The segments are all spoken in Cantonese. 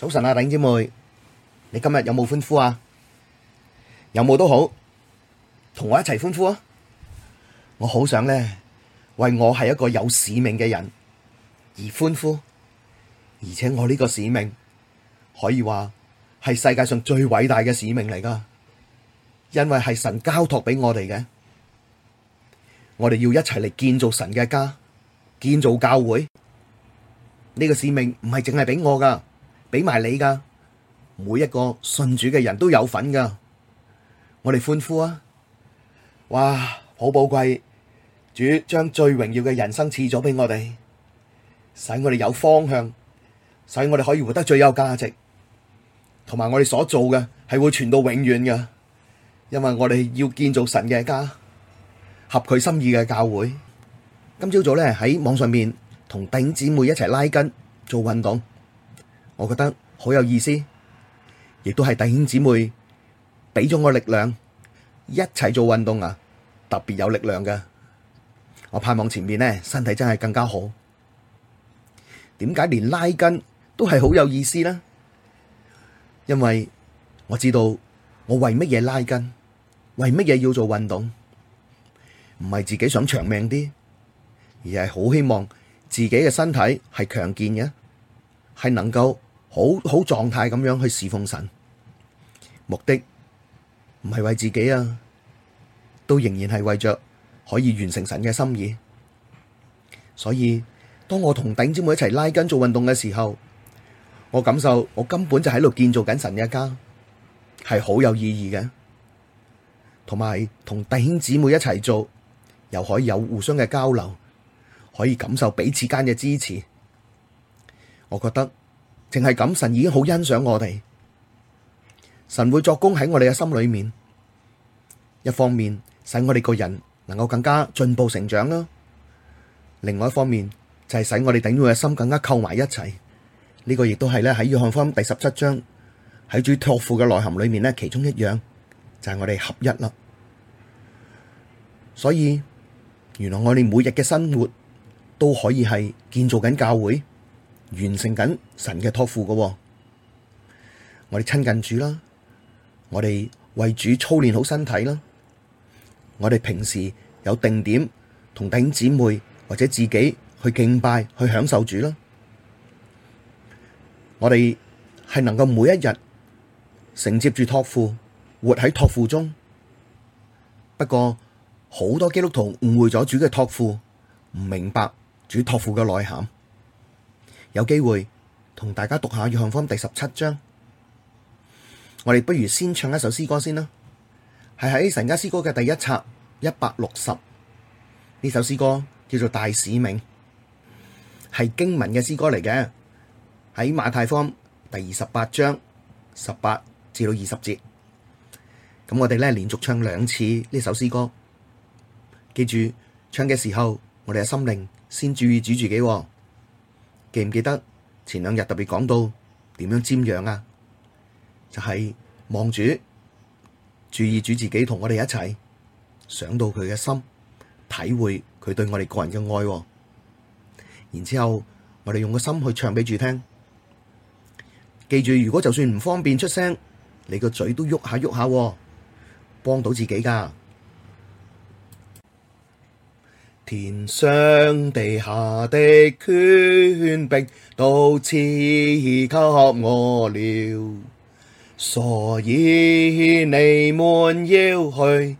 早晨啊，頂姐妹，你今日有冇歡呼啊？有冇都好，同我一齊歡呼啊！我好想咧，為我係一個有使命嘅人而歡呼，而且我呢個使命可以話係世界上最偉大嘅使命嚟噶，因為係神交託俾我哋嘅，我哋要一齊嚟建造神嘅家，建造教會。呢個使命唔係淨係俾我噶。俾埋你噶，每一個信主嘅人都有份噶。我哋歡呼啊！哇，好寶貴！主將最榮耀嘅人生賜咗俾我哋，使我哋有方向，使我哋可以活得最有價值。同埋我哋所做嘅係會傳到永遠嘅，因為我哋要建造神嘅家，合佢心意嘅教會。今朝早咧喺網上面同弟兄姊妹一齊拉筋做運動。我覺得好有意思，亦都係弟兄姊妹俾咗我力量，一齊做運動啊，特別有力量㗎。我盼望前面呢，身體真係更加好。點解連拉筋都係好有意思呢？因為我知道我為乜嘢拉筋，為乜嘢要做運動，唔係自己想長命啲，而係好希望自己嘅身體係強健嘅，係能夠。好好狀態咁樣去侍奉神，目的唔係為自己啊，都仍然係為着可以完成神嘅心意。所以當我同弟兄姊妹一齊拉筋做運動嘅時候，我感受我根本就喺度建造緊神嘅一家，係好有意義嘅。同埋同弟兄姊妹一齊做，又可以有互相嘅交流，可以感受彼此間嘅支持。我覺得。淨係咁，神已經好欣賞我哋。神會作功喺我哋嘅心裏面，一方面使我哋個人能夠更加進步成長啦，另外一方面就係使我哋頂住嘅心更加扣埋一齊。呢個亦都係咧喺約翰福音第十七章喺主托付嘅內涵裏面咧，其中一樣就係我哋合一啦。所以原來我哋每日嘅生活都可以係建造緊教會。完成緊神嘅托付嘅，我哋親近主啦，我哋為主操練好身體啦，我哋平時有定點同弟兄姊妹或者自己去敬拜去享受主啦，我哋係能夠每一日承接住托付，活喺托付中。不過好多基督徒誤會咗主嘅托付，唔明白主托付嘅內涵。有機會同大家讀下《約翰福音》第十七章，我哋不如先唱一首詩歌先啦。係喺《神家詩歌》嘅第一冊一百六十呢首詩歌叫做《大使命》，係經文嘅詩歌嚟嘅。喺馬太福音第二十八章十八至到二十節，咁我哋咧連續唱兩次呢首詩歌。記住，唱嘅時候我哋嘅心靈先注意主自己、哦。記唔記得前兩日特別講到點樣瞻仰啊？就係、是、望住，注意住自己同我哋一齊，想到佢嘅心，體會佢對我哋個人嘅愛、喎。然之後我哋用個心去唱畀住聽。記住，如果就算唔方便出聲，你個嘴都喐下喐下、喎，幫到自己噶。天上地下的權柄都賜給我了，所以你們要去，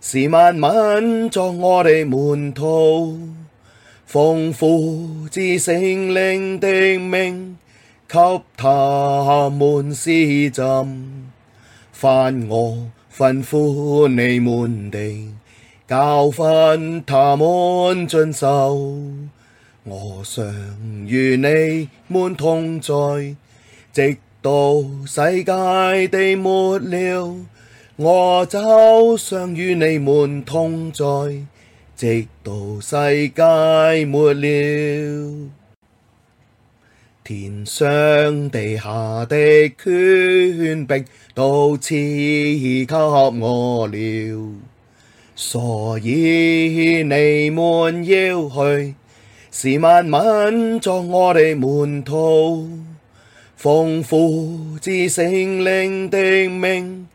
使萬民作我哋門徒，奉父子聖靈的名，給他們施浸，凡我吩咐你們的。教訓他們遵守，我常與你們同在，直到世界的末了，我就常與你們同在，直到世界末了。天上地下的權柄都賜給我了。所以你們要去，使萬民作我的門徒，奉父子聖靈的名，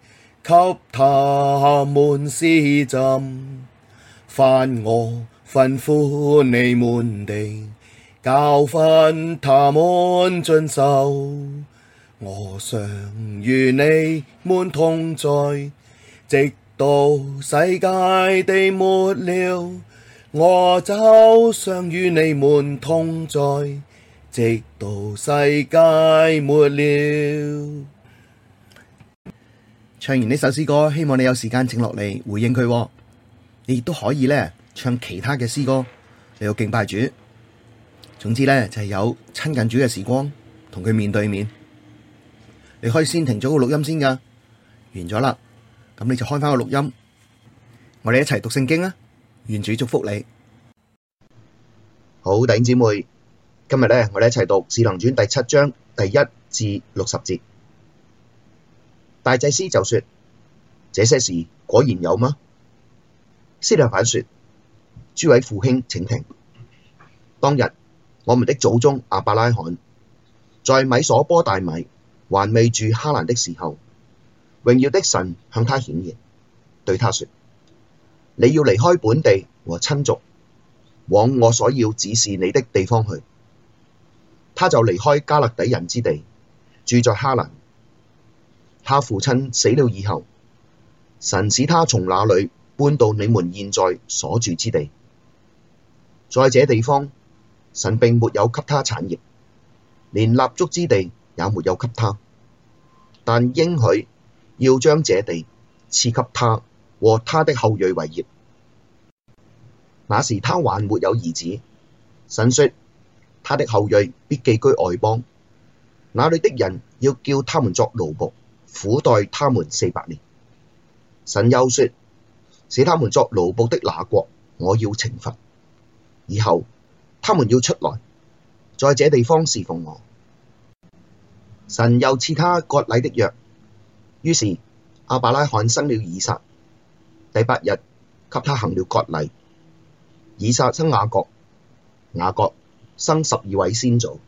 給他們施浸。凡我吩咐你們的，教訓他們遵守。我常與你們同在，直到世界地末了，我就常與你們同在，直到世界末了。唱完呢首詩歌，希望你有時間靜落嚟回應佢。你亦都可以咧唱其他嘅詩歌你有敬拜主。總之咧就係、是、有親近主嘅時光，同佢面對面。你可以先停咗個錄音先㗎，完咗啦。咁你就開翻個錄音，我哋一齊讀聖經啊！願主祝福你。好，弟兄姊妹，今日咧，我哋一齊讀《使徒行傳》第七章第一至六十節。大祭司就說：這些事果然有嗎？司提反說：諸位父兄，請聽。當日我們的祖宗亞伯拉罕在米所波大米還未住哈蘭的時候。榮耀的神向他顯現，對他說：你要離開本地和親族，往我所要指示你的地方去。他就離開迦勒底人之地，住在哈蘭。他父親死了以後，神使他從那裡搬到你們現在所住之地。在這地方，神並沒有給他產業，連立足之地也沒有給他，但應許。要將這地賜給他和他的後裔為業。那時他還沒有兒子，神說他的後裔必寄居外邦，那裡的人要叫他們作奴僕，苦待他們四百年。神又說，使他們作奴僕的那國，我要懲罰。以後他們要出來，在這地方事奉我。神又賜他割禮的約。於是亞伯拉罕生了以撒，第八日給他行了割禮。以撒生雅各，雅各生十二位先祖。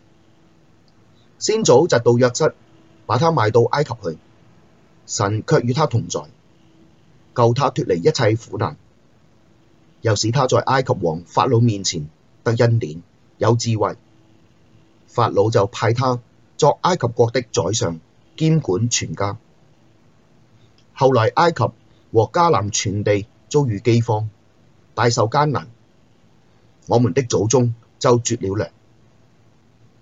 先祖嫉妒約瑟，把他賣到埃及去。神卻與他同在，救他脫離一切苦難，又使他在埃及王法老面前得恩典，有智慧。法老就派他作埃及國的宰相，兼管全家。後來埃及和迦南全地遭遇饑荒，大受艱難。我們的祖宗就絕了糧。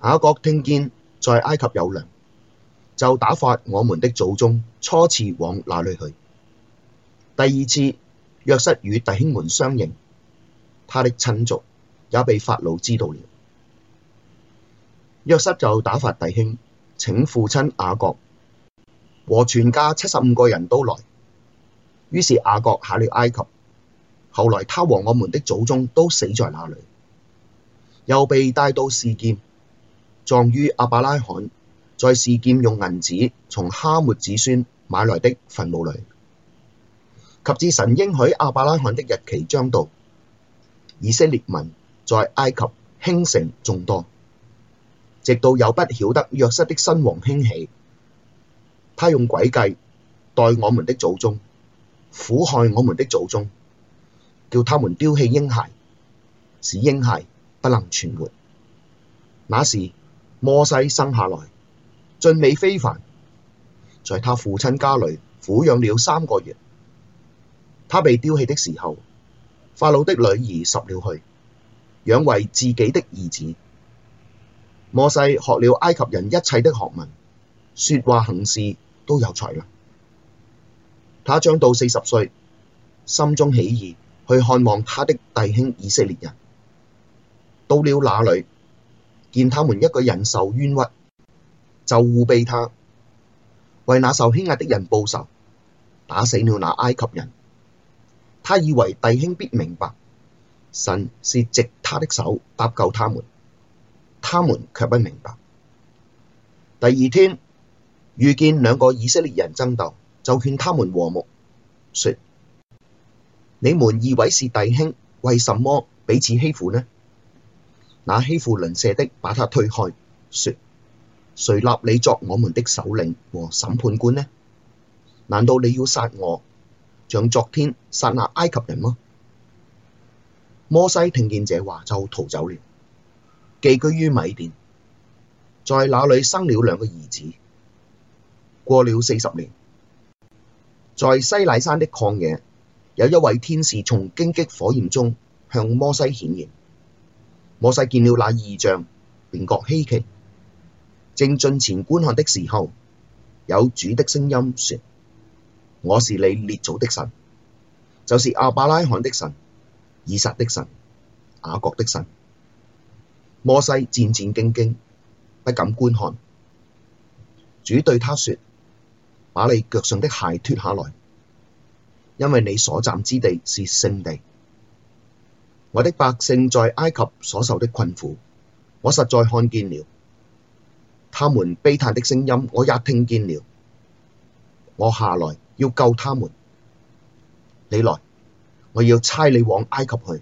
雅各聽見在埃及有糧，就打發我們的祖宗初次往那裡去。第二次約瑟與弟兄們相認，他的親族也被法老知道了。約瑟就打發弟兄，請父親雅各，和全家七十五個人都來，於是雅各下了埃及。後來他和我們的祖宗都死在那裡，又被帶到示劍，葬於亞伯拉罕在示劍用銀子從哈抹子孫買來的墳墓裡。及至神應許亞伯拉罕的日期將到，以色列民在埃及興盛眾多，直到有不曉得約瑟的新王興起。他用詭計待我們的祖宗，苦害我們的祖宗，叫他們丟棄嬰孩，使嬰孩不能存活。那時，摩西生下來，俊美非凡，在他父親家裏撫養了三個月。他被丟棄的時候，法老的女兒拾了去，養為自己的兒子。摩西學了埃及人一切的學問，說話行事。都有才能。他將到四十歲，心中起意去看望他的弟兄以色列人。到了那裡，見他們一個人受冤屈，就護庇他，為那受欺壓的人報仇，打死了那埃及人。他以為弟兄必明白神是藉他的手搭救他們，他們卻不明白。第二天。遇見兩個以色列人爭鬥，就勸他們和睦，說：你們二位是弟兄，為什麼彼此欺負呢？那欺負鄰舍的，把他推開，說：誰立你作我們的首領和審判官呢？難道你要殺我，像昨天殺那埃及人嗎？摩西聽見這話，就逃走了，寄居於米甸，在那裡生了兩個兒子。過了四十年，在西乃山的曠野，有一位天使從荊棘火焰中向摩西顯現。摩西見了那異象，便覺希奇。正進前觀看的時候，有主的聲音說：我是你列祖的神，就是亞伯拉罕的神、以撒的神、雅各的神。摩西戰戰兢兢，不敢觀看。主對他說。把你腳上的鞋脫下來，因為你所站之地是聖地。我的百姓在埃及所受的困苦，我實在看見了；他們悲嘆的聲音，我也聽見了。我下來要救他們。你來，我要差你往埃及去。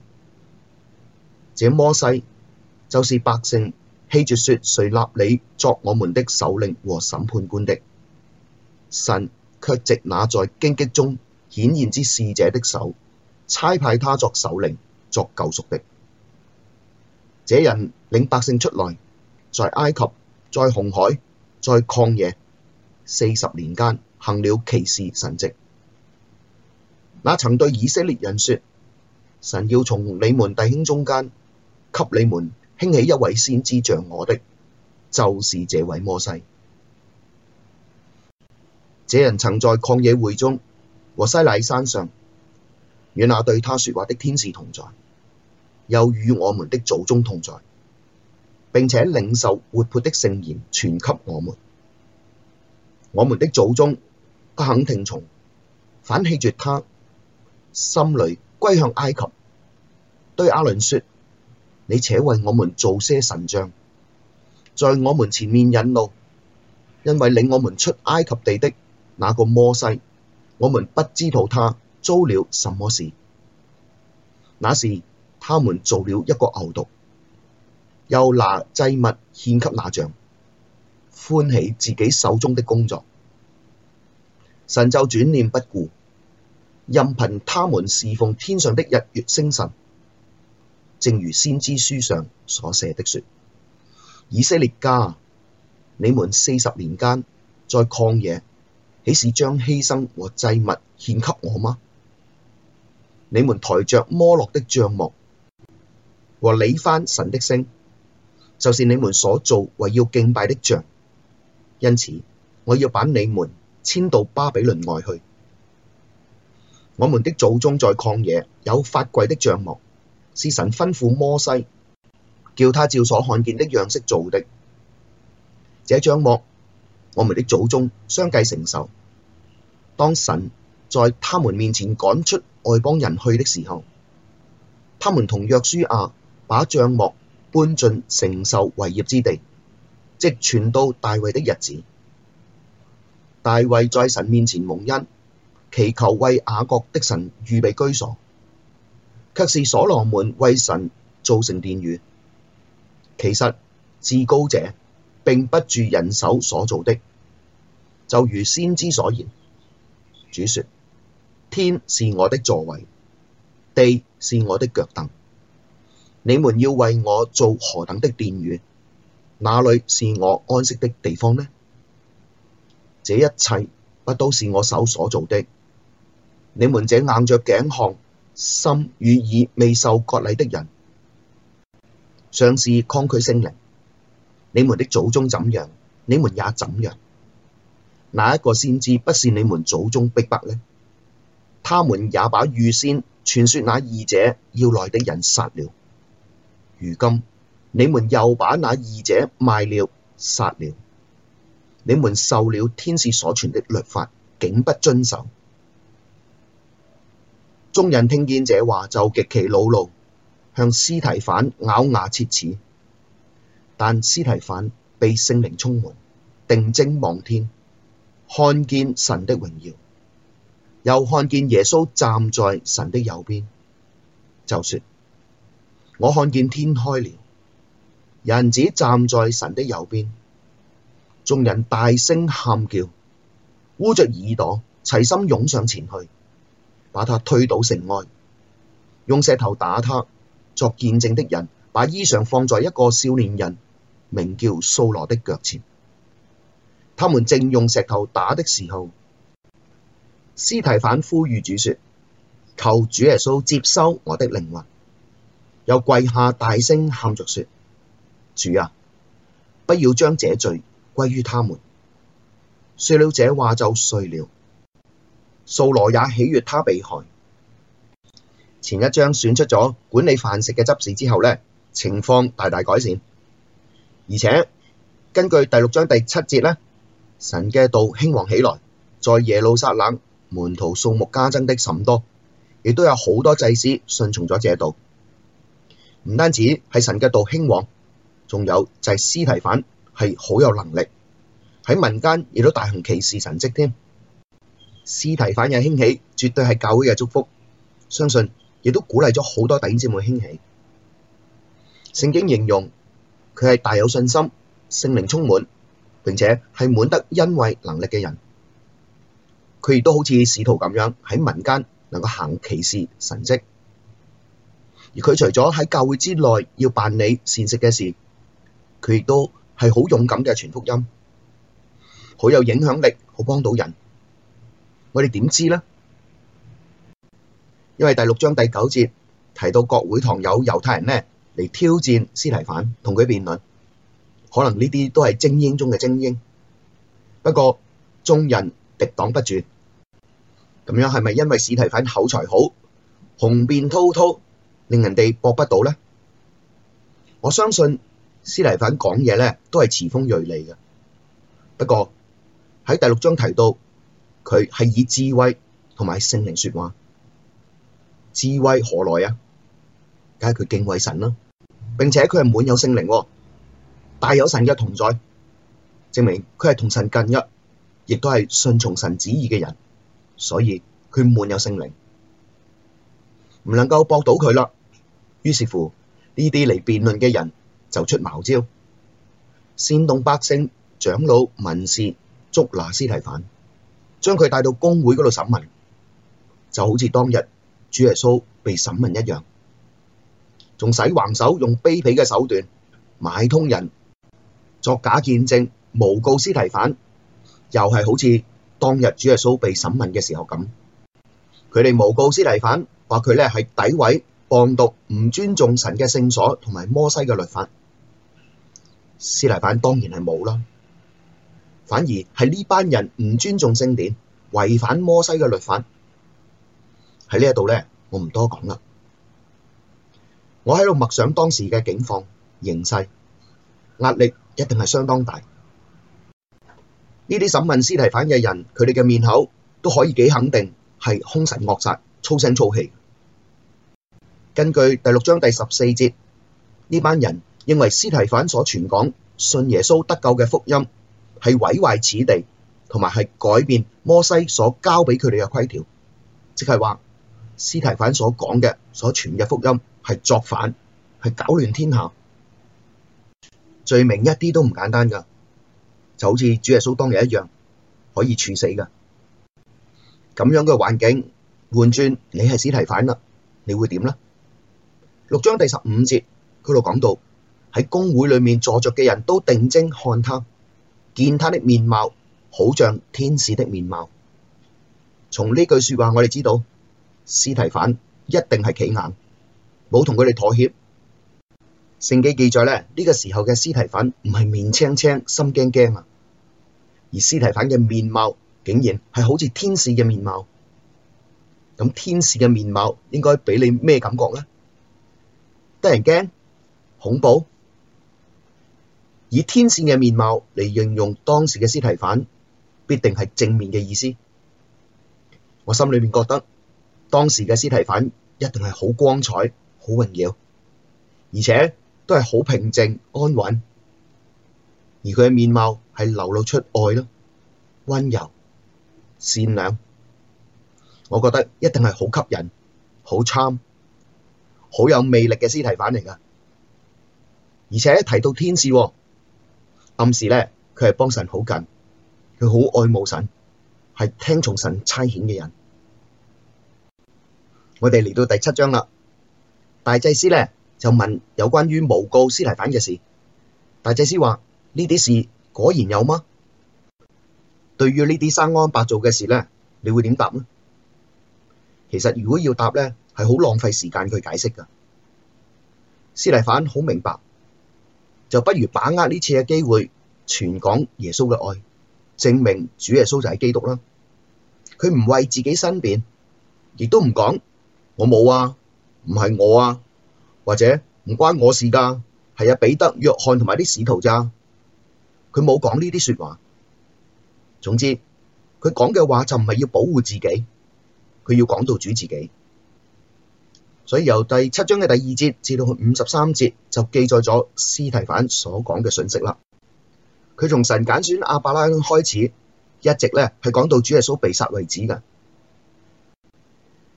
這摩西就是百姓棄絕說：誰立你作我們的首領和審判官的？神卻藉那在荊棘中顯現之使者的手差派他作首領、作救贖的。這人領百姓出來，在埃及、在紅海、在曠野四十年間行了奇事神蹟。那曾對以色列人說：神要從你們弟兄中間給你們興起一位先知像我的，就是這位摩西。這人曾在曠野會中和西乃山上，與那對他說話的天使同在，又與我們的祖宗同在，並且領受活潑的聖言，傳給我們。我們的祖宗不肯聽從，反棄絕他，心裡歸向埃及。對亞倫說：你且為我們造些神像，在我們前面引路，因為領我們出埃及地的。那個摩西，我們不知道他遭了什麼事。那時他們造了一個牛犢，又拿祭物獻給那像，歡喜自己手中的工作。神就轉臉不顧，任憑他們事奉天上的日月星辰，正如先知書上所寫的說：以色列家，你們四十年間在曠野，豈是將犧牲和祭物獻給我嗎？你們抬着摩洛的帳幕和理番神的星，就是你們所做為要敬拜的像，因此我要把你們遷到巴比倫外去。我們的祖宗在曠野有法櫃的帳幕，是神吩咐摩西叫他照所看見的樣式做的。這帳幕。我們的祖宗相繼承受，當神在他們面前趕出外邦人去的時候，他們同約書亞把帳幕搬進承受為業之地，直存到大衛的日子。大衛在神面前蒙恩，祈求為雅各的神預備居所，卻是所羅門為神造成殿宇。其實至高者。並不住人手所做的，就如先知所言，主說：天是我的座位，地是我的腳凳。你們要為我做何等的殿宇？哪裡是我安息的地方呢？這一切不都是我手所做的？你們這硬着頸項、心與耳未受割禮的人，常時抗拒聖靈。你們的祖宗怎樣，你們也怎樣。那一個先知不是你們祖宗逼迫呢？他們也把預先傳説那義者要來的人殺了。如今你們又把那義者賣了殺了。你們受了天使所傳的律法，竟不遵守。眾人聽見這話就極其惱怒，向司提反咬牙切齒。但司提反被聖靈充滿，定睛望天，看見神的榮耀，又看見耶穌站在神的右邊，就説：我看見天開了，人子站在神的右邊。眾人大聲喊叫，捂着耳朵，齊心湧上前去，把他推到城外，用石頭打他。作見證的人把衣裳放在一個少年人名叫掃羅的腳前，他們正用石頭打的時候，司提反呼籲主說：求主耶穌接收我的靈魂。又跪下大聲喊着說：主啊，不要將這罪歸於他們。說了這話就睡了。掃羅也喜悦他被害。前一章選出咗管理飯食嘅執事之後呢，情況大大改善。而且根據第六章第七節咧，神嘅道興旺起來，在耶路撒冷門徒數目加增的甚多，亦都有好多祭司信從咗這道。唔單止係神嘅道興旺，仲有就係司提反係好有能力喺民間，亦都大行奇事神蹟添。司提反嘅興起絕對係教會嘅祝福，相信亦都鼓勵咗好多弟兄姊妹興起。聖經形容。佢係大有信心，聖靈充滿，並且係滿得恩惠能力嘅人。佢亦都好似使徒咁樣喺民間能夠行奇事神蹟。而佢除咗喺教會之內要辦理善事嘅事，佢亦都係好勇敢嘅傳福音，好有影響力，好幫到人。我哋點知咧？因為第六章第九節提到國會堂有猶太人咩。嚟挑戰司提反，同佢辯論，可能呢啲都係精英中嘅精英。不過眾人敵擋不住，咁樣係咪因為司提反口才好，雄辯滔滔，令人哋駁不到咧？我相信司提反講嘢咧都係詞鋒鋭利嘅。不過喺第六章提到，佢係以智慧同埋聖靈説話，智慧何來啊？梗係佢敬畏神啦。並且佢係滿有聖靈，大有神嘅同在，證明佢係同神近一，亦都係順從神旨意嘅人，所以佢滿有聖靈，唔能夠駁到佢啦。於是乎，呢啲嚟辯論嘅人就出茅招，煽動百姓、長老、文士捉拿司提反，將佢帶到公會嗰度審問，就好似當日主耶穌被審問一樣。仲使橫手，用卑鄙嘅手段買通人作假見證，誣告司提反。又係好似當日主耶穌被審問嘅時候咁，佢哋誣告司提反話佢咧係詆毀、謗瀆、唔尊重神嘅聖所同埋摩西嘅律法。司提反當然係冇啦，反而係呢班人唔尊重聖典，違反摩西嘅律法。喺呢一度咧，我唔多講啦。我喺度默想當時嘅境況形勢，壓力一定係相當大。呢啲審問司提反嘅人，佢哋嘅面口都可以幾肯定係兇神惡煞、粗聲粗氣。根據第六章第十四節，呢班人認為司提反所傳講信耶穌得救嘅福音係毀壞此地，同埋係改變摩西所交俾佢哋嘅規條，即係話司提反所講嘅所傳嘅福音，係作反，係搞亂天下。罪名一啲都唔簡單噶，就好似主耶穌當日一樣可以處死噶。咁樣嘅環境換轉你係司提反啦，你會點呢？六章第十五節佢度講到喺公會裏面坐着嘅人都定睛看他，見他的面貌好像天使的面貌。從呢句說話，我哋知道司提反一定係企硬。冇同佢哋妥協。聖經記載咧，呢、這個時候嘅司提反唔係面青青、心驚驚啊，而司提反嘅面貌竟然係好似天使嘅面貌。咁天使嘅面貌應該俾你咩感覺咧？得人驚恐怖。以天使嘅面貌嚟形容當時嘅司提反，必定係正面嘅意思。我心裏面覺得當時嘅司提反一定係好光彩。好榮耀，而且都係好平靜安穩，而佢嘅面貌係流露出愛咯，溫柔善良。我覺得一定係好吸引、好參、好有魅力嘅司提反嚟噶。而且提到天使、啊，暗示咧佢係幫神好緊，佢好愛慕神，係聽從神差遣嘅人。我哋嚟到第七章啦。大祭司呢就問有關於誣告司提反嘅事，大祭司話呢啲事果然有嗎？對於呢啲生安白做嘅事咧，你會點答呢？其實如果要答呢，係好浪費時間去解釋㗎。司提反好明白，就不如把握呢次嘅機會，傳講耶穌嘅愛，證明主耶穌就係基督啦。佢唔為自己申辯，亦都唔講我冇啊。唔係我啊，或者唔關我事噶，係阿、啊、彼得、約翰同埋啲使徒咋，佢冇講呢啲說話。總之，佢講嘅話就唔係要保護自己，佢要講到主自己。所以由第七章嘅第二節至到五十三節，就記載咗司提反所講嘅信息啦。佢從神揀選亞伯拉罕開始，一直咧係講到主耶穌被殺為止噶。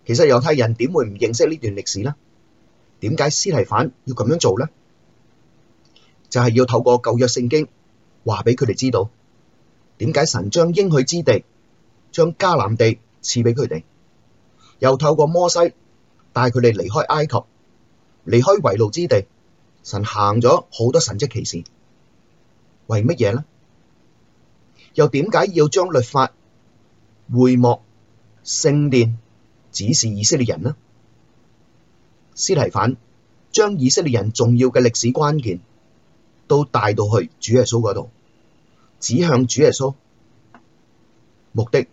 其實猶太人點會唔認識呢段歷史呢？點解司提反要咁樣做呢？就係、是、要透過舊約聖經話畀佢哋知道，點解神將應許之地將迦南地賜畀佢哋，又透過摩西帶佢哋離開埃及，離開圍路之地，神行咗好多神蹟奇事，為乜嘢呢？又點解要將律法會幕聖殿？只是以色列人啦，司提反將以色列人重要嘅歷史關鍵都帶到去主耶穌嗰度，指向主耶穌。目的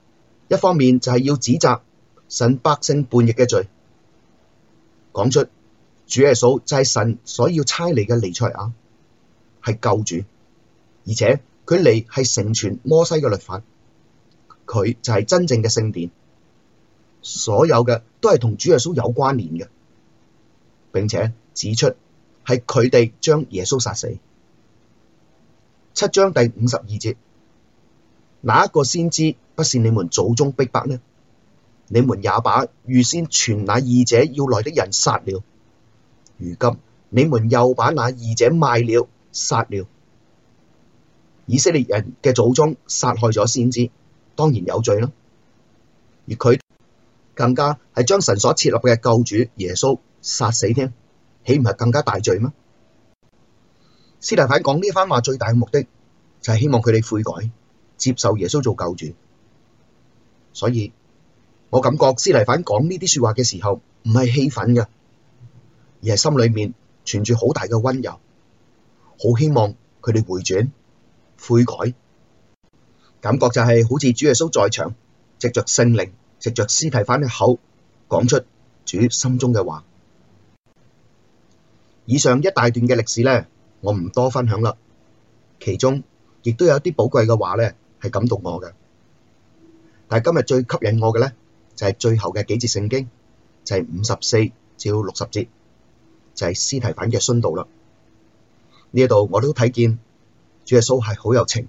一方面就係要指責神百姓叛逆嘅罪，講出主耶穌就係神所要差嚟嘅彌賽亞，係救主，而且佢嚟係成全摩西嘅律法，佢就係真正嘅聖殿。所有嘅都係同主耶穌有關聯嘅，並且指出係佢哋將耶穌殺死。七章第五十二節，哪一個先知不是你們祖宗逼迫呢？你們也把預先傳那義者要來的人殺了，如今你們又把那義者賣了、殺了。以色列人嘅祖宗殺害咗先知，當然有罪啦。而佢。更加係將神所設立嘅救主耶穌殺死添，豈唔係更加大罪咩？司提反講呢番話最大嘅目的，就係、是、希望佢哋悔改，接受耶穌做救主。所以我感覺司提反講呢啲說話嘅時候，唔係氣憤嘅，而係心裏面存住好大嘅溫柔，好希望佢哋回轉悔改。感覺就係好似主耶穌在場，藉着聖靈。藉着司提反嘅口講出主心中嘅話。以上一大段嘅歷史呢，我唔多分享啦。其中亦都有一啲寶貴嘅話呢，係感動我嘅。但今日最吸引我嘅呢，就係、是、最後嘅幾節聖經，就係五十四至六十節，就係、是、司提反嘅殉道啦。呢一度我都睇見主耶穌係好有情，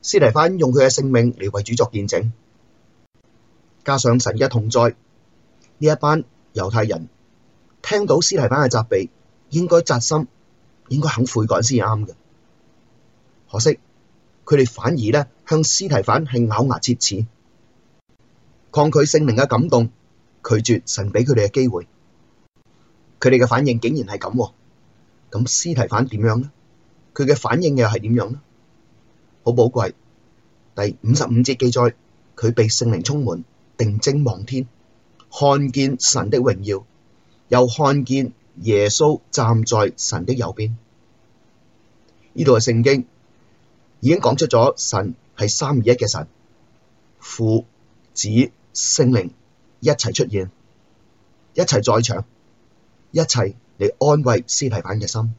司提反用佢嘅性命嚟為主作見證。加上神嘅同在，呢一班猶太人聽到司提反嘅責備，應該扎心，應該肯悔改先啱嘅。可惜佢哋反而咧向司提反係咬牙切齒，抗拒聖靈嘅感動，拒絕神俾佢哋嘅機會。佢哋嘅反應竟然係咁、啊，咁司提反點樣呢？佢嘅反應又係點樣呢？好寶貴。第五十五節記載佢被聖靈充滿。定睛望天，看見神的榮耀，又看見耶穌站在神的右邊。呢度嘅聖經已經講出咗神係三而一嘅神，父、子、聖靈一齊出現，一齊在場，一齊嚟安慰司提反嘅心。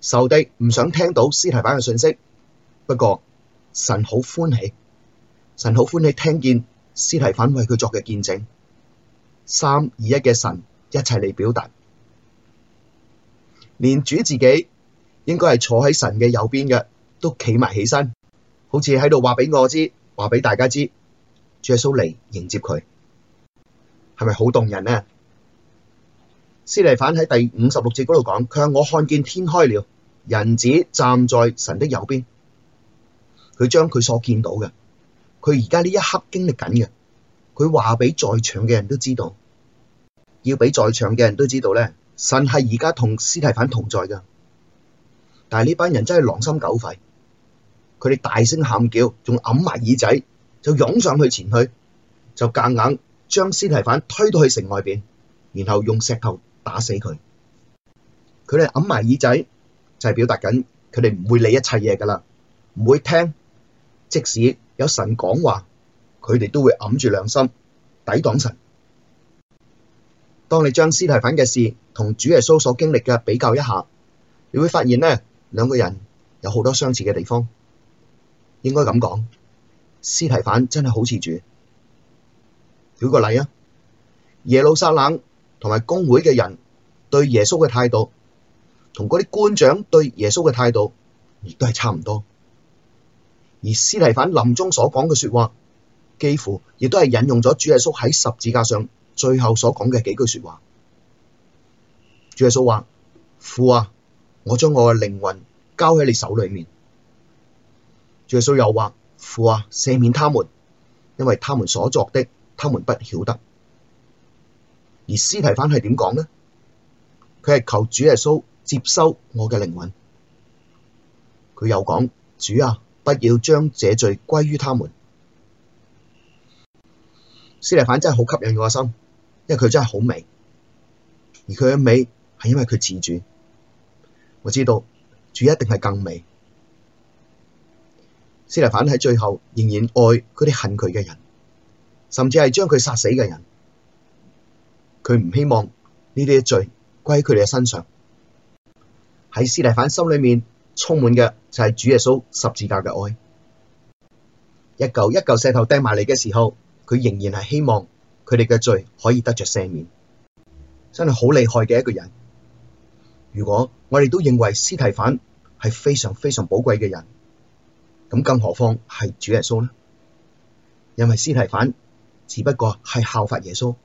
仇敵唔想聽到司提反嘅信息，不過神好歡喜。神好歡喜聽見司提反為佢作嘅見證，三二一嘅神一齊嚟表達，連主自己應該係坐喺神嘅右邊嘅，都企埋起身，好似喺度話畀我知，話畀大家知，主耶穌嚟迎接佢，係咪好動人呢、啊？司提反喺第五十六節嗰度講，佢話我看見天開了，人子站在神嘅右邊，佢將佢所見到嘅。佢而家呢一刻經歷緊嘅，佢話俾在場嘅人都知道，要俾在場嘅人都知道咧，神係而家同司提反同在噶。但係呢班人真係狼心狗肺，佢哋大聲喊叫，仲揞埋耳仔，就湧上去前去，就夾硬將司提反推到去城外邊，然後用石頭打死佢。佢哋揞埋耳仔，就係表達緊佢哋唔會理一切嘢噶啦，唔會聽，即使，有神講話，佢哋都會揞住良心抵擋神。當你將司提反嘅事同主耶穌所經歷嘅比較一下，你會發現呢兩個人有好多相似嘅地方。應該咁講，司提反真係好似主。舉個例啊，耶路撒冷同埋公會嘅人對耶穌嘅態度，同嗰啲官長對耶穌嘅態度，亦都係差唔多。而司提反臨終所講嘅說話，幾乎亦都係引用咗主耶穌喺十字架上最後所講嘅幾句說話。主耶穌話：父啊，我將我嘅靈魂交喺你手裏面。主耶穌又話：父啊，赦免他們，因為他們所作的，他們不曉得。而司提反係點講呢？「佢係求主耶穌接收我嘅靈魂。佢又講：主啊。不要將這罪歸於他們。司提反真係好吸引我嘅心，因為佢真係好美，而佢嘅美係因為佢自主。我知道主一定係更美。司提反喺最後仍然愛佢啲恨佢嘅人，甚至係將佢殺死嘅人，佢唔希望呢啲罪歸喺佢哋嘅身上。喺司提反心裏面。充滿嘅就係主耶穌十字架嘅愛，一嚿一嚿石頭掟埋嚟嘅時候，佢仍然係希望佢哋嘅罪可以得著赦免，真係好厲害嘅一個人。如果我哋都認為司提反係非常非常寶貴嘅人，咁更何況係主耶穌呢？因為司提反只不過係效法耶穌。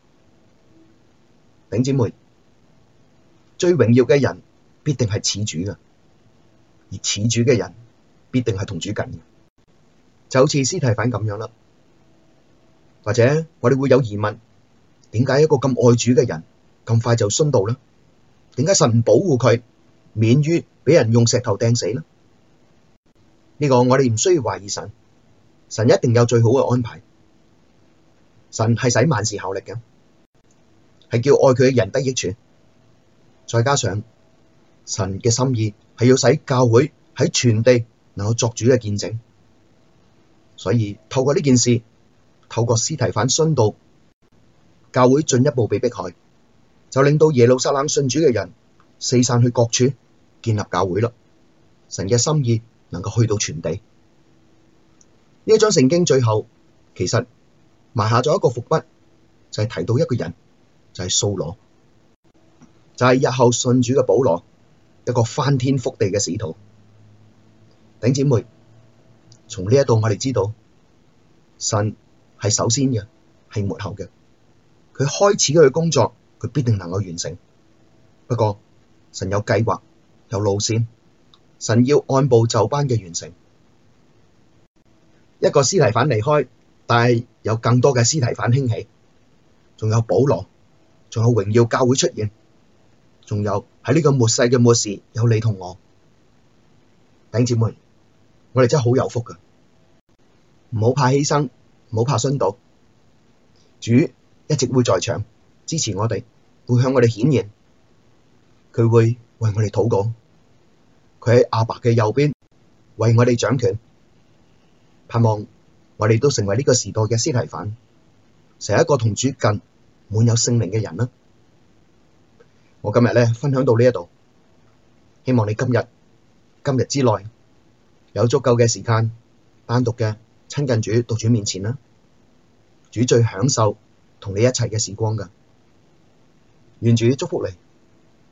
頂姐妹最榮耀嘅人必定係主主㗎。而似主嘅人，必定係同主近嘅，就好似司提反咁樣啦。或者我哋會有疑問，點解一個咁愛主嘅人咁快就殉道呢？點解神唔保護佢，免於俾人用石頭掟死呢？呢個我哋唔需要懷疑神，神一定有最好嘅安排。神係使萬事效力嘅，係叫愛佢嘅人得益處。再加上神嘅心意。係要使教會喺全地能夠作主嘅見證，所以透過呢件事，透過司提反殉道，教會進一步被逼害，就令到耶路撒冷信主嘅人四散去各處建立教會啦。神嘅心意能夠去到全地。呢一章聖經最後其實埋下咗一個伏筆，就係提到一個人，就係掃羅，就係日後信主嘅保羅。一個翻天覆地嘅使徒頂姐妹，從呢一度我哋知道，神係首先嘅，係末後嘅，佢開始嘅工作，佢必定能夠完成。不過神有計劃，有路線，神要按部就班嘅完成。一個司提反離開，但係有更多嘅司提反興起，仲有保羅，仲有榮耀教會出現。仲有喺呢個末世嘅末時，有你同我，餅姐妹，我哋真係好有福噶，唔好怕犧牲，唔好怕殉道，主一直會在場支持我哋，會向我哋顯現，佢會為我哋禱告，佢喺阿爸嘅右邊為我哋掌權，盼望我哋都成為呢個時代嘅司提反，成一個同主近滿有聖靈嘅人啦。我今日咧，分享到呢一度，希望你今日今日之內有足夠嘅時間單獨嘅親近主，到主面前啦。主最享受同你一齊嘅時光㗎，願主祝福你。